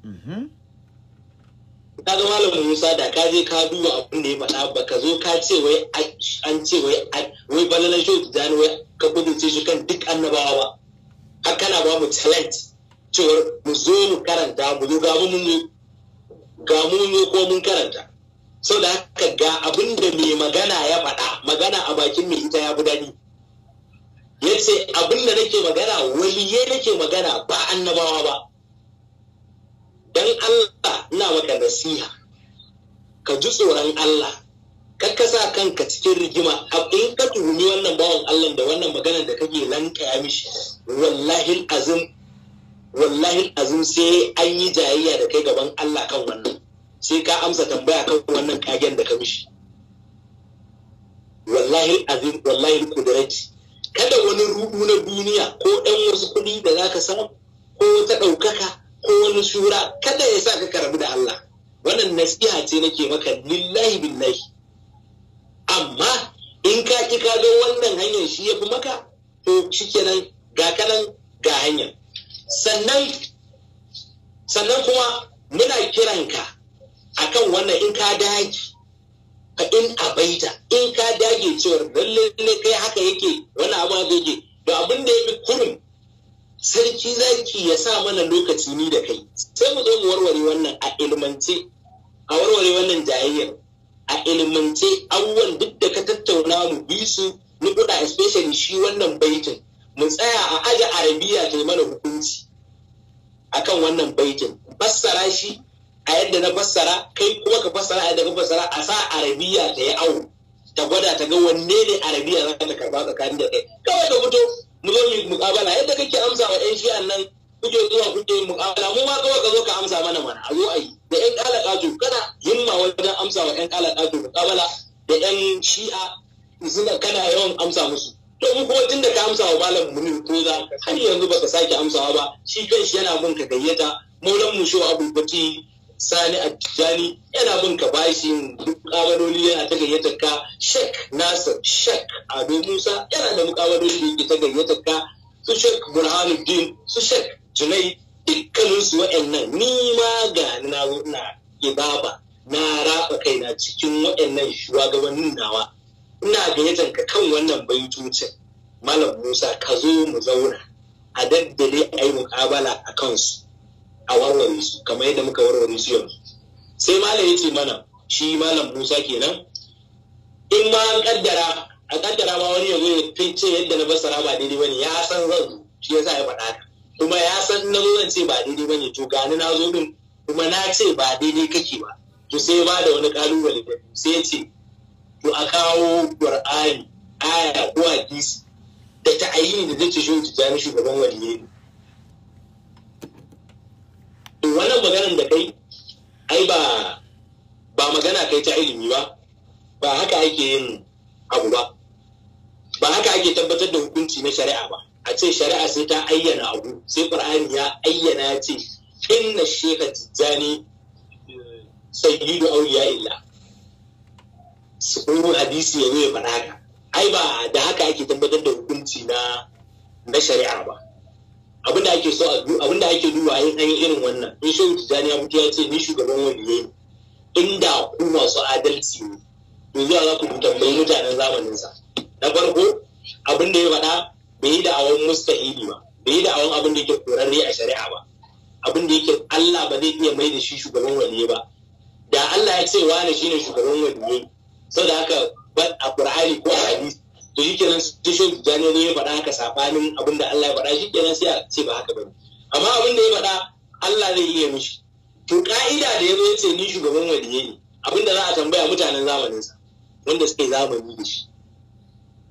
Mm-hmm. ka ga malam Musa da ka je ka duba abin da ya faɗa ba ka zo ka ce wai an ce wai wai balalan shi da wai ka kudurce shi kan duk annabawa ba har kana ba mu talent cewar mu zo mu karanta mu zo ga mun ga mun ko mun karanta sau da haka ga abin da mai magana ya faɗa magana a bakin mai ita ya budani ya ce abin da nake magana waliye nake magana ba annabawa ba dan Allah na maka nasiha ka ji tsoron Allah kar ka sa kanka cikin rigima in ka tuhumi wannan bawan Allah da wannan maganar da kake ya mishi wallahi azim wallahi azim sai an yi jayayya da kai gaban Allah kan wannan sai ka amsa tambaya kan wannan kagen da ka mishi wallahi azim wallahi kudrati kada wani rubu na duniya ko ɗan wasu kuɗi da zaka samu ko ta ɗaukaka ko wani shura kada ya sa ka karabu da Allah wannan nasiha ce nake maka lillahi billahi amma in ka ki ka ga wannan hanyar shi ya fi maka to shikenan ga kanan ga hanyar sannan sannan kuma muna kiranka akan wannan in ka dage ka in abaita in ka dage cewar lalle kai haka yake wani abu da yake to abin da ya fi kurum sarki zaki ya sa mana lokaci ni da kai sai mu zo mu warware wannan a ilmance a warware wannan jayayyar a ilmance abubuwan duk da ka tattauna mu bi su ni kuɗa especially shi wannan baitin mu tsaya a aje arabiya ta mana hukunci akan wannan baitin fassara shi a yadda na fassara kai kuma ka fassara a yadda ka fassara a sa arabiya ta yi awo ta gwada ta ga wanne ne arabiya za ta karba tsakanin da kai kawai ka fito mu zo mu mukabala yadda kake amsa wa ƴan shi'an nan kuke zuwa kuke yin mukabala mu ma kawai ka zo ka amsa mana mana a zo a da ƴan ƙalaƙato kana himma wajen amsa wa ƴan ƙalaƙato mukabala da ƴan shi'a suna kana yawan amsa musu to mu kuma tun da ka amsa wa malam mu ko za har yanzu baka sake amsawa ba shi kan shi yana mun ka gayyata maulan mu abubuwa abubakar sani a tijjani yana bin ka duk mukabaloli yana ta gayyatar ka shek nasir shek ado musa yana da mukabaloli da yake ta gayyatar ka su shek burhanuddin su shek junai dukkaninsu wa'annan ni ma ga na na ibaba na raba kaina cikin wa'annan shugabannin nawa ina gayyatar ka kan wannan baitocin malam musa ka zo mu zauna a daddare a yi mukabala a kansu su kamar yadda muka warware su yanzu sai malam ya ce mana shi malam musa kenan in ma an kaddara a kaddara ma wani yanzu ya fice yadda na basara ba daidai bane ya san zan shi yasa ya faɗa kuma ya san na zo zan ce ba daidai bane to ni na zo din kuma na ce ba daidai kake ba to sai ba da wani kalubale da sai ce to a kawo qur'ani aya ko hadisi da ta'ayyini da zai ce shi tijani shugaban waliyyi yau maganan da kai ai ba ba magana kai ta ilimi ba ba haka ake yin abu ba ba haka ake tabbatar da hukunci na shari'a ba a ce shari'a sai ta ayyana abu sai qur'ani ya ayyana ya ce inna sheka tijani sayyidu awliya illa sukurun hadisi ya yi ya haka ai ba da haka ake tabbatar da hukunci na na shari'a ba ake so da ake duba an yi irin wannan in shi wuce ya abu ya ce ni shugaban wani ne, inda ku masu adalci ne to zuwa za ku tambayi mutanen zamaninsa na farko abin da ya faɗa bai yi da awon mustahili ba bai yi da awon abin da yake korarre a shari'a ba abin da yake Allah ba zai iya mai da shi shugaban wani ba da Allah ya ce wani shine shugaban wani waliyai saboda haka a Qur'ani ko a hadisi to shi kenan sai shi jani ne ya faɗa haka sabanin abin da Allah ya faɗa shi kenan sai a ce ba haka bane amma abin da ya faɗa Allah zai iya mishi to ka'ida da ya zo ya ce ni shugaban waliye ne abin da za a tambaya mutanen zamaninsa wanda suke zamani da shi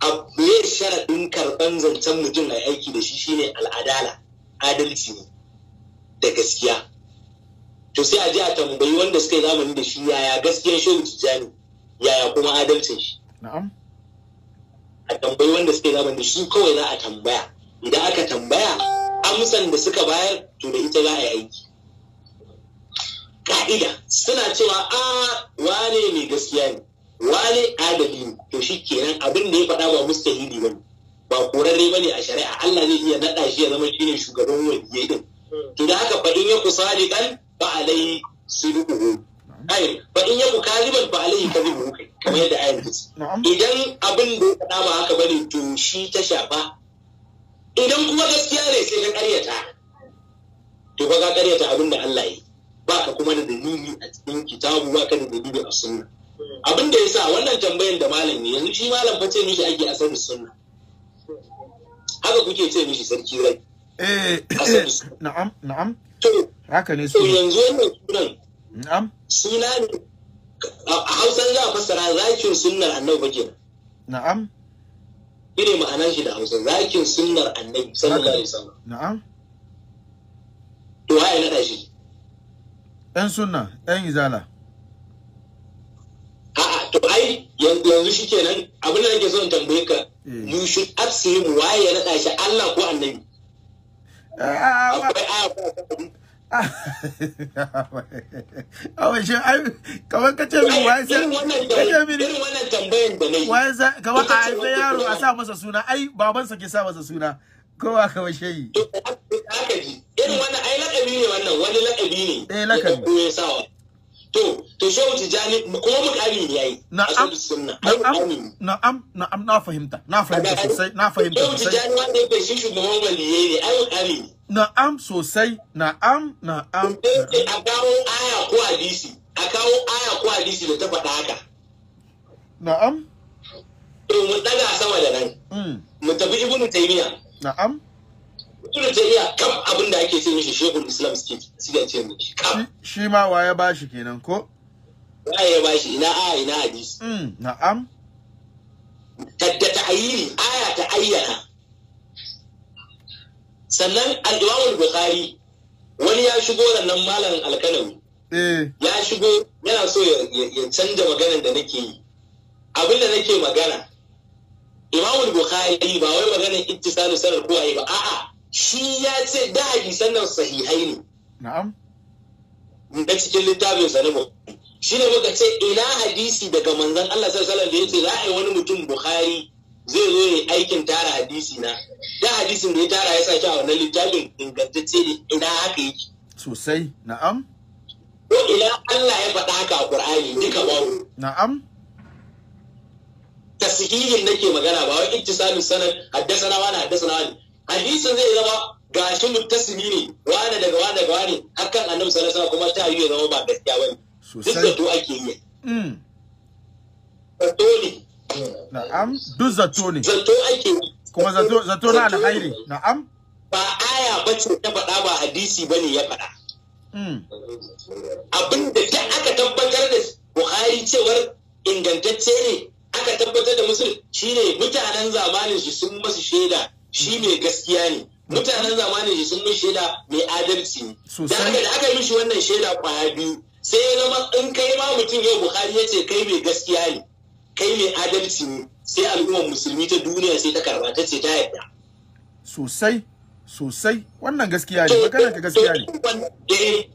abu ya sharaɗin karɓan zancen mutum a aiki da shi shine al'adala adalci ne da gaskiya to sai a ji a tambayi wanda suka yi zamani da shi yaya gaskiyar shehu tijjani yaya kuma adalcin shi na'am a tambayi wanda suke zaben da su kawai za a tambaya idan aka tambaya amsan da suka bayar to da ita za a yi aiki ka'ida suna cewa a wane mai gaskiya ne wane adali ne to shi kenan abin da ya faɗa ba mustahili ba ne ba korarre ba ne a shari'a Allah zai iya naɗa shi ya zama shi ne shugaban wani. yayin to da haka faɗin ya kusa da ɗan ba alai siduhu ayar ba in yaku kaliban ba alayhi kadhibu kai kamar yadda ayar ta ce idan abin da ya ba haka bane to shi ta shafa idan kuma gaskiya ne sai ka karyata to ba ka karyata abin da Allah yi ba ka kuma da dalili a cikin kitabu ba ka da dalili a sunna abin da yasa wannan tambayan da malam ne yanzu shi malam fa ce mishi ake asali sunna haka kuke ce mishi sarki rai eh na'am na'am to haka ne su yanzu wannan sunan na'am suna ne a hausan za a fassara zakin sunnar annabi bakin na'am ire ma'ana shi da hausa zakin sunnar annabi sallallahu alaihi wasallam na'am to waye nada shi ɗan sunna ɗan izala a'a to ai yanzu shi kenan abin da nake son tambaye ka eh. you should ask waye ya naɗa shi Allah ko annabi ah, ah, ah. akwai aya A washe ai kamar kace min wai sai kace min irin wannan tambayan da nayi wai sai kamar a haife yaro a sa masa suna ai babansa ke sa masa suna kowa ka washe yi irin wannan ai lakabi ne wannan wani lakabi ne eh lakabi ko ya sawa to to shehu tijani kuma mukami ne yayi na'am na'am na'am na'am na fahimta na fahimta sosai na fahimta sosai shehu tijani wanda yake shi shugaban waliyai ne ai mukami ne na'am sosai na'am na'am eh, eh, a kawo aya ko hadisi a kawo aya ko hadisi da ta faɗa haka na'am to mu daga sama da nan mm. mu tafi ibnu taymiya na'am ibnu taymiya kam abin da ake ce mishi shekul islam suke suke ce mishi kam shi ma waye ba shi kenan ko waye ba shi ina aya ina hadisi mm, na'am tadda ta'ayini aya ta ayyana sannan al'imamul imam Bukhari wani ya shigo da nan malam alkanawi eh. ya shigo yana so ya canja maganar da nake yi abin da nake magana Imam Bukhari ba wai maganar ittisalu sanar kowaye ba a'a shi ya ce da hadisan nan sahihai ne na'am na cikin littafin sa na shi ne muka ce ina hadisi daga manzon Allah sallallahu alaihi wasallam da yace za a yi wani mutum Bukhari zai zo ne aikin tara hadisi na da hadisin da ya tara ya sake a wannan littafin ingantacce ne ina haka yake sosai na'am ko ina Allah ya faɗa haka a Qur'ani duka babu na'am tasihihin nake magana ba wai ittisalus sanad haddasana wani haddasana wani hadisin zai zama shi muttasimi ne wani daga wani daga wani hakan annabi sallallahu alaihi kuma ta yi zama ba gaskiya bane duk da to ake yi Fatoli mm. Na'am, duk zato ne. Zato ake Kuma zato zato na alhairi. Na'am. Ba aya ba ce ta faɗa ba hadisi bane ya faɗa. Hmm. Abin da ta aka tabbatar da Buhari cewar ingantacce ne aka tabbatar da musul shine mutanen zamanin shi sun masu shaida shi mai gaskiya ne. Mutanen zamanin shi sun mishi shaida mai adalci ne. Da haka da aka yi mishi wannan shaida kwaya biyu sai ya zama in kai ma mutum yau Buhari ya ce kai mai gaskiya ne. kai mai adalci ne sai al'ummar musulmi ta duniya sai ta karba ta ce ta yadda sosai sosai wannan gaskiya ne maganar ka gaskiya ne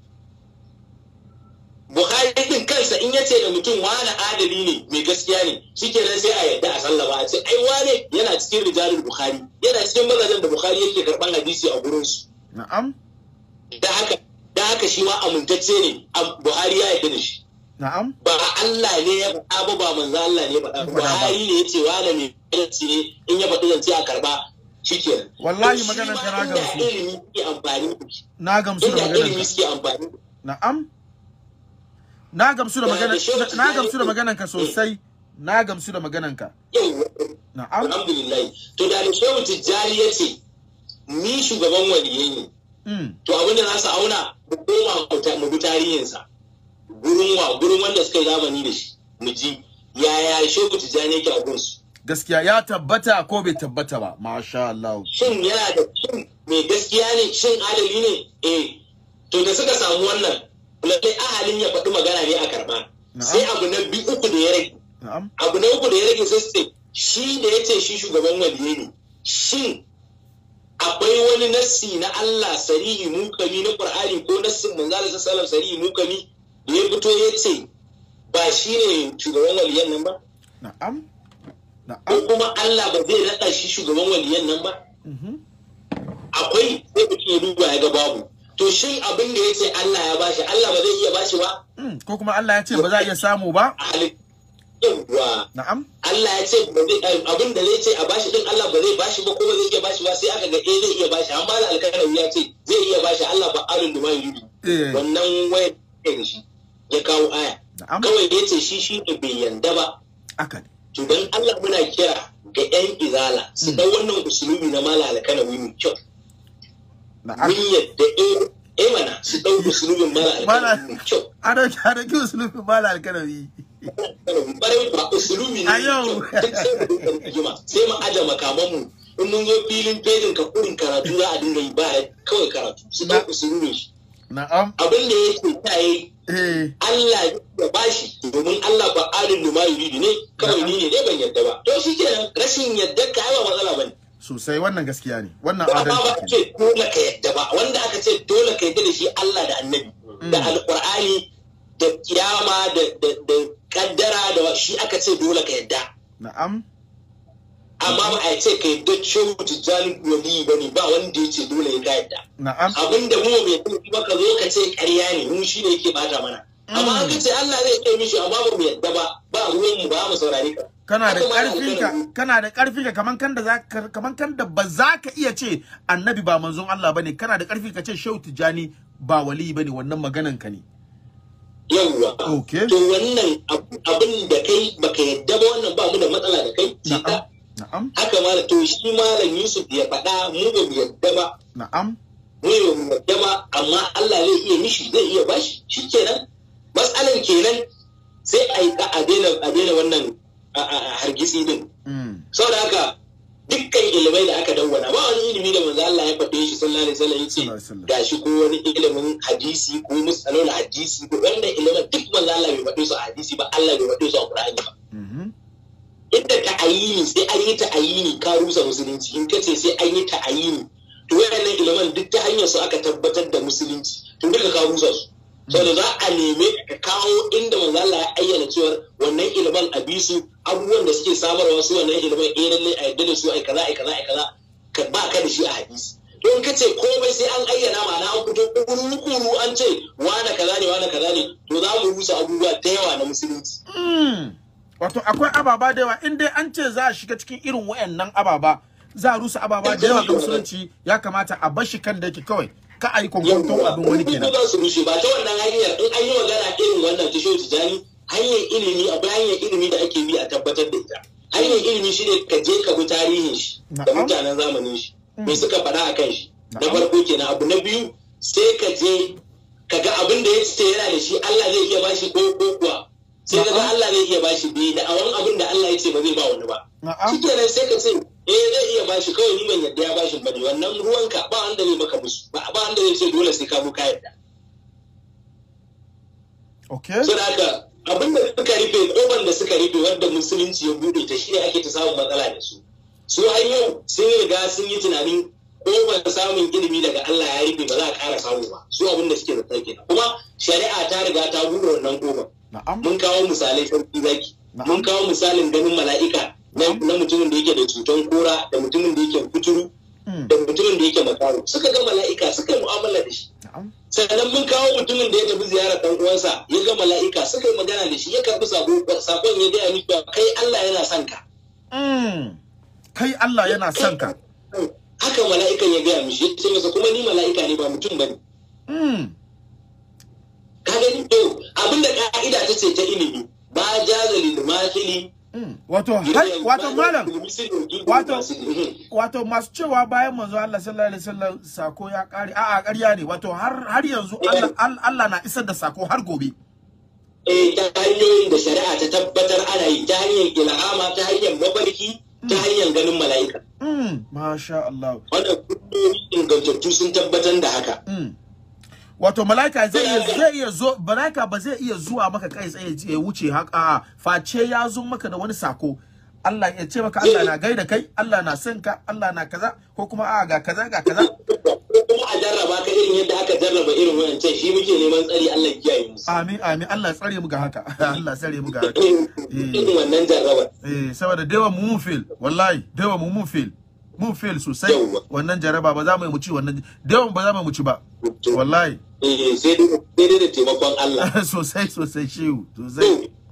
Buhari din kansa in yace da mutum wani adali ne mai gaskiya ne ke sai a yadda a sallama a ce ai wane yana cikin rijalin Buhari yana cikin mazajen da Buhari yake karɓar hadisi a gurin su na'am da haka da haka shi ma amintacce ne Buhari ya yadda da shi Na'am. Ba Allah ne ya faɗa ba ba manzo Allah ne ya faɗa. Buhari ne ya ce wala ne zance ne in ya faɗi zance a karba shikenan. Wallahi magana ta na gamsu. Inda ilimi suke amfani. Na gamsu da magana. ilimi suke amfani. Na'am. Na gamsu da magana na gamsu da magana ka sosai. Na gamsu da maganar ka. Na'am. Alhamdulillah. To da Shehu Tijjani ya ce ni shugaban waliyai ne. Mm. To abinda na sa auna mu koma mu bi tarihinsa. gurin wa gurin wanda suka yi zamani da shi mu ji yaya shehu tijani yake a gunsu gaskiya ya tabbata ko bai tabbata ba masha Allah shin yana da shin mai gaskiya ne shin adali ne eh to da suka samu wannan lalle ahalin ya faɗi magana ne a karba sai abu na biyu uku da ya rage abu na uku da ya rage sai sai shi da ya ce shi shugaban waliye ne shin akwai wani nassi na Allah sarihi mukami na Qur'ani ko nassin manzo sallallahu alaihi wasallam sarihi mukami da ya fito ya ce ba shi ne shugaban waliyan nan ba na'am na'am ko kuma Allah ba zai naɗa shi shugaban waliyan nan ba mhm. akwai sai mutum ya duba ya ga babu to shi abin da ya ce Allah ya bashi Allah ba zai iya bashi ba mm, ko kuma Allah ya ce ba za a iya samu ba na'am Allah ya ce abin da zai ce a bashi din Allah ba zai bashi ba kuma zai iya bashi ba sai aka ga eh zai iya bashi amma da alkarawi ya ce zai iya bashi Allah ba arin da ma yuridu wannan wayar da shi ya kawo aya kawai ya ce shi shi ne bai yanda ba to don Allah muna kira ga ƴan izala su dau hmm. wannan musulmi na mala alkana mu kyau mun yadda eh, eh mana su dau musulmin mala alkana ba ne ayo sai mu aje in mun zo filin pejin ka kurin karatu za a dinga yi ba kawai karatu su shi Na'am. Abin da ya yake kai eh. Allah ya bashi domin Allah ba alin luma yuridu ne kawai ni ne dai ban yadda ba. To shi ke rashin yadda ka yawa matsala bane. Sosai wannan gaskiya ne. Wannan adalci. Ba ce dole ka yadda ba wanda aka ce dole ka yadda da shi Allah da Annabi mm. da Alƙur'ani da kiyama da kaddara da shi aka ce dole ka yadda. Na'am. amma ba a ce ka yi duk shehu tijjani wali ba ne ba wanda ya ce dole ya yadda abinda mu bai sani kuma ka zo ka ce karya ne mu shi ne yake bata mana amma an ka ce Allah zai kai mishi amma ba mu yadda ba ba ruwan mu ba mu saurare ka kana da karfin ka kana da karfi ka kaman kan da kaman kan da ba za ka iya ce annabi ba manzon Allah bane kana da karfi ka ce shehu tijjani ba wali bane wannan maganan ka ne yawwa to wannan abin da kai baka yadda ba wannan ba mu da matsala da kai haka malam to shi malam yusuf ya faɗa mu ba mu yadda ba na'am mu ba mu yadda ba amma Allah zai iya mishi zai iya bashi shi kenan matsalan kenan sai a yi a daina wannan hargitsi din mm. saboda haka dukkan ilimai da aka dawwana ba wani ilimi da manzo Allah ya faɗe shi sallallahu alaihi wasallam yace gashi ko wani ilimin hadisi ko musalalu hadisi ko wannan ilimin duk manzo Allah bai faɗe su a hadisi ba Allah bai faɗe su a Qur'ani ba mm-hmm. inda ayini sai an yi ta'ayini ka rusa musulunci in ce sai an yi ta'ayini to wayannan ilman duk ta hanyar su aka tabbatar da musulunci to duka ka rusa su saboda za a neme ka kawo inda manzo Allah ya ayyana cewa wannan ilman a bi su, abubuwan da suke samarwa su wannan ilimin eh lalle a yadda da su ai kaza ai kaza ai kaza ka ba ka da shi a hadisi to in ka ce komai sai an ayyana ma'ana an fito kuru an ce wane kaza ne wane kaza ne to za mu rusa abubuwa da yawa na musulunci hmm. wato akwai ababa da yawa in dai an ce za a shiga cikin irin wayannan ababa za a rusa ababa da yawa ga musulunci ya kamata a bashi kan da yake kawai ka a yi kwankwanton abin wani kenan. Yau su rushe ba ta wannan hanyar in an yi magana irin wannan ta shoci jani hanyar ilimi akwai hanyar ilimi da ake bi a tabbatar da ita. Hanyar ilimi shi ne ka je ka bi tarihin shi da mutanen zamanin shi. Me mm. suka faɗa a kan shi. Na farko kenan abu na biyu sai ka je ka ga abin da ya ce yana da shi Allah zai iya bashi ko ko kuwa sai ga Allah zai iya bashi bai da awan abin da Allah ya ce ba zai ba wani ba nan sai ka ce eh zai iya bashi kawai ni ban yadda ya bashi bane wannan ruwanka ba wanda ne maka musu ba ba wanda ne ce dole sai ka muka da okay so da abin da suka rufe koban da suka rufe wanda musulunci ya bude ta shine ake ta samun matsala da su su har yau sun riga sun yi tunanin koban samun ilimi daga Allah ya rufe ba za a ƙara samu ba su abin da suke da tsarki kuma shari'a ta riga ta bude wannan koban mun kawo misalin sarki zaki mun kawo misalin ganin mala'ika na mutumin da yake da cutan kora da mutumin da yake kuturu hmm. da mutumin da yake makaro suka ga mala'ika suka yi mu'amala da shi sannan mun kawo mutumin da ya tafi ziyarar ɗan uwansa ya ga mala'ika suka yi magana da shi ya karɓi sakon ya gaya miki kai Allah yana son ka hmm. kai Allah yana son ka haka mala'ikan ya gaya mishi ya ce masa kuma ni mala'ika ne ba mutum ba ne?' Hmm. gani to abinda ka'ida ta ce ta ilimi ba da masili wato wato malam wato wato masu cewa bayan manzo Allah sallallahu alaihi wasallam sako ya kare a a ƙarya ne wato har har yanzu eh. Allah Allah na isar da sako har gobe eh ta hanyoyin da shari'a ta tabbatar ana yi ta hanyar ilhama ta hanyar mabarki ta mm. hanyar ganin mala'ika mm masha Allah wannan ingantattu sun tabbatar da haka mm. wato malaika zai iya zai iya zo malaika ba zai iya zuwa maka kai tsaye ya wuce haka face ya zo maka da wani sako Allah ya ce maka Allah na gaida kai Allah na son ka Allah na kaza ko kuma a ga kaza ga kaza kuma a jarraba ka irin yadda aka jarraba irin ce shi muke neman tsari Allah ya kiyaye mu amin amin Allah tsare mu ga haka Allah tsare mu ga haka eh wannan jarraba eh saboda dewa mu mun fil wallahi dewa mu mun fil mun fail sosai wannan jaraba ba za mu yi muci ci wannan da ba za mu mu ci ba wallahi eh sai dai da taimakon Allah sosai sosai shehu sosai